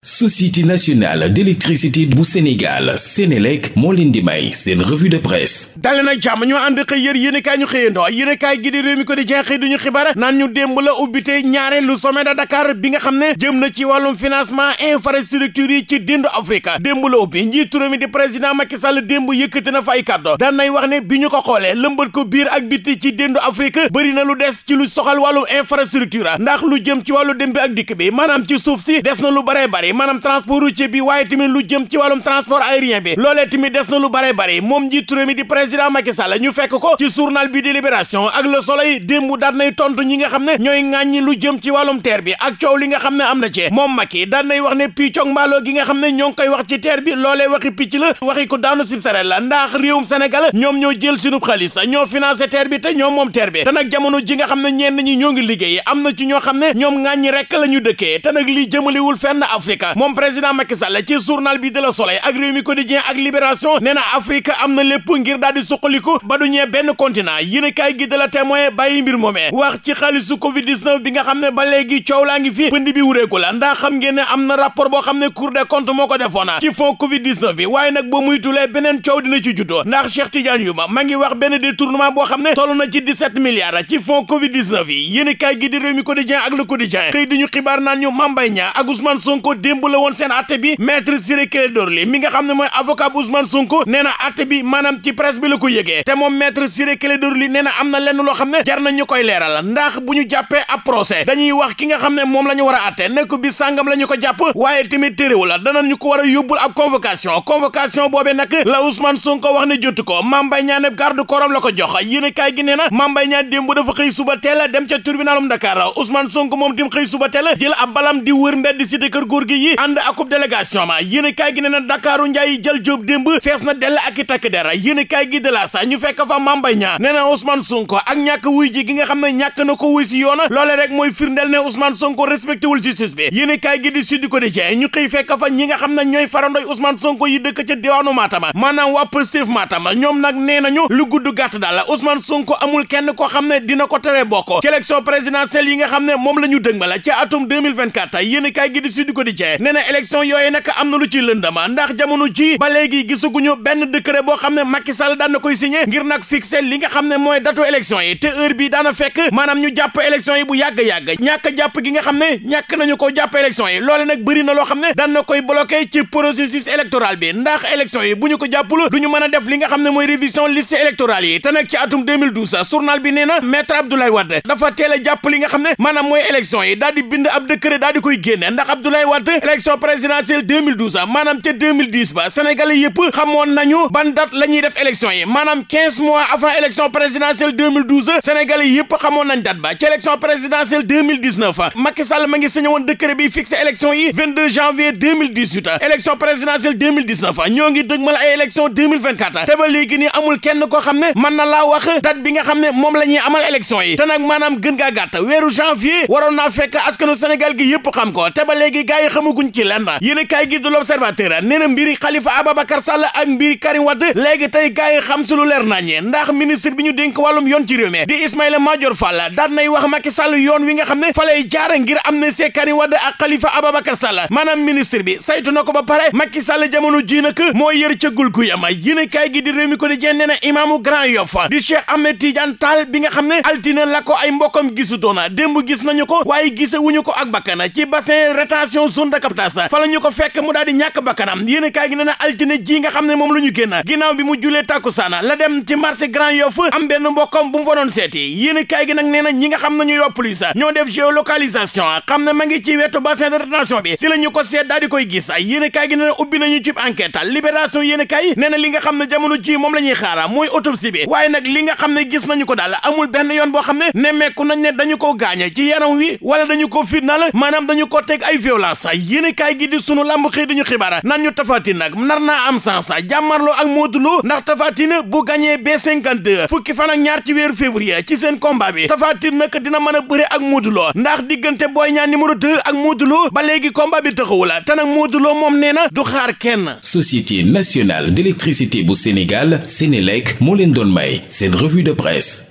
société nationale d'électricité bu Sénégal Sénélec moo leen di may seen revue de presse dale nag jàmm ñoo ànd xëy yër yéenekaay ñu xëyandoo yéenekaay gi di réew mi ko di jeex xëy duñu xibaar naan ñu démb la ubbite ñaareelu sommet de Dakar bi nga xam ne jëm na ci wàllum financement infrastructure yi ci dindu Afrique démb la ubbi njiitu mi di président Macky Sall démb yëkkati na fa ay kàddu daan nay wax ne bi ñu ko xoolee lëmbat ko biir ak biti ci dindu Afrique bëri na lu des ci lu soxal wàllum infrastructure ndax lu jëm ci wàllu dem ak dikk bi maanaam ci suuf si des na lu bare bare bari maanaam transport routier bi waaye tamit lu jëm ci wàllum transport aérien bi loolee tamit des na lu bare bari moom njiitu réew mi di président Macky Sall ñu fekk ko ci journal bi di Libération ak Le Soleil démb daan nay tontu ñi nga xam ne ñooy ŋàññi lu jëm ci wàllum ter bi ak coow li nga xam ne am na ci moom Macky daan nay wax ne piccog mbaaloo gi nga xam ne ñoo ngi koy wax ci teer bi loolee waxi picc la waxi ko daanu sib saret la ndax réewum Sénégal ñoom ñoo jël sunu xaalis ñoo financé teer bi te ñoom moom teer bi te nag ji nga xam ne ñenn ñi ñoo ngi liggéey am na ci ñoo xam ne ñoom ŋàññi rek la ñu dëkkee te nag lii jëmaliwul fenn Afrique Afrique moom président Macky Sall ci journal bi de la Soleil ak Rewmi Quotidien ak Libération nee na Afrique am na lépp ngir daal di suqaliku ba du ñee benn continent yéen kaay gi de la Témoin bàyyi mbir moomee wax ci xaalisu Covid 19 bi nga xam ne ba léegi coow laa ngi fi pënd bi wureeku la ndax xam ngeen ne am na rapport boo xam ne Cour des comptes moo ko defoon ci fond Covid 19 bi waaye nag ba muy tulee beneen coow dina ci juddoo ndax Cheikh Tidiane Youma ma ngi wax benn détournement boo xam ne toll na ci 17 milliards ci fond Covid 19 yi yéen kaay gi di Rewmi Quotidien ak Le Quotidien xëy di ñu xibaar naan ñu Mame Mbaye Niang ak Ousmane Sonko démb la woon seen atte bi maître Ciré Clédor Ly mi nga xam ne mooy avocat bu Ousmane Sonko nee na atte bi maanaam ci bi la ko yëgee te moom maître Ciré Clédor Ly nee na am na lenn loo xam ne jar na ñu koy leeral ndax bu ñu jàppee ab procès dañuy wax ki nga xam ne moom la ñu war a atte nekk bi sàngam la ñu ko jàpp waaye tamit téréwul danañu ko war a yóbbul ab convocation convocation boobee nag la Ousmane Sonko wax ne jotu ko mambay ñaane garde korom la ko jox yéene kaay gi nee na mambay ñaan démb dafa xëy suba teel dem ca tribunalum Dakar Ousmane Sonko moom tim xëy suba teel jël ab balam di wër mbedd cité kër góor gi yi ànd akub délégation ma yéen kaay gi ne na Dakaaru Ndiaye jël Jóob démb fees na dell ak i takk dera gi de ñu fekk fa Mamba Niang nee na Ousmane Sonko ak ñàkk wuy ji gi nga xam ne ñàkk na ko wuy si yoon loole rek mooy firndeel ne Ousmane Sonko respecté wul bi yéen kaay gi di Sud Quotidien ñu xëy fekk fa ñi xam ne ñooy farandoy Ousmane Sonko yi dëkk ca diwaanu Maatama maanaam waa Pastef Maatama ñoom nag nee nañu lu gudd gàtt daal Ousmane Sonko amul kenn koo xam ne dina ko nee na élection yooyu nag am na lu ci lëndama ndax jamono ji ba léegi gisuguñu benn décret boo xam ne Macky Sall daan na koy signé ngir nag fixé li nga xam ne mooy datu élection yi te heure bi daana fekk maanaam ñu jàpp élection yi bu yàgg-yàgg ñàkk jàpp gi nga xam ne ñàkk nañu ko jàpp élection yi loole nag bëri na loo xam ne daan na koy bloqué ci processus électoral bi ndax élection yi bu ñu ko jàppul du ñu mën def li nga xam ne mooy révision liste électorale yi te nag ci atum bi nee na maître Abdoulaye Wade dafa teel li nga xam ne maanaam mooy élection yi daal di bind ab décret daal di koy génne ndax élection présidentielle 2012 maanaam ca 2010 ba sénégalais yëpp xamoon nañu ban date la ñuy def élection yi maanaam 15 mois avant élection présidentielle 2012 sénégalais yëpp xamoon nañ date ba ci élection présidentielle 2019 Macky ma ngi signé woon bi fixé élection yi 22 janvier 2018 élection présidentielle 2019 ñoo ngi dëgmal ay élection te ba léegi nii amul kenn koo xam ne mën na laa wax date bi nga xam ne moom la amal élection yi te nag maanaam xamaguñ ci lenn yéen kaay gi du l'observateur nee na mbiri Khalifa Ababacar Sall ak mbiri Karim Wade léegi tey gars yi xam si lu leer naññee ndax ministre bi ñu dénk wàllum yoon ci mi di Ismaïla Madior Fall daan nay wax Macky Sall wi nga xam ne fa lay jaar ngir am na see Karim Wade ak Khalifa Ababacar Sall maanaam ministre bi saytu na ko ba pare Macky Sall jamono ji nag moo yër cëggul ku yama yéen kaay gi di réew ko di jeen nee na imaamu Grand di Cheikh bi nga xam ne la ko ay mbokkam gisutoona démb gis nañu ko waaye gise wuñu ko ak bakkana ci bassin rétention doon dakab taas fa la ñu ko fekk mu daal di ñàkk bakkanam yéen kaay gi nee altine ji nga xam ne moom la ñu génn ginnaaw bi mu julee tàkkusaana la dem ci marché Grand Yoff am benn mbokkam bu mu fa doon seeti yéen kaay gi nag ñi nga xam ne ñuy waa ñoo def géolocalisation xam ne ma ci wetu bassin bi si la ñu ko seet daal koy gis yéen kaay gi nee na ubbi nañu cib enquête libération yéen kaay li nga xam ne jamono ji moom la ñuy xaara mooy autopsie bi waaye nag li nga xam ne ne nemmeeku nañ ne dañu ko ko fitnaal maanaam dañu ko yéenekaay gi di sunu làmb xëy diñu xibaar nan ñu Tapha Tine nag nar naa am sans jàmmarloo ak Modou Lo ndax Tapha Tine bu gagné B52 fukki fan ak ñaar ci weeru février ci seen combat bi Tapha Tine nag dina mën a bëre ak Modou ndax diggante Boy Niang numéro 2 ak Modou Lo ba léegi combat bi taxawul te nag Modou moom nee na du xaar kenn. Société nationale d'électricité bu Sénégal Sénélec moo leen doon may seen revue de presse.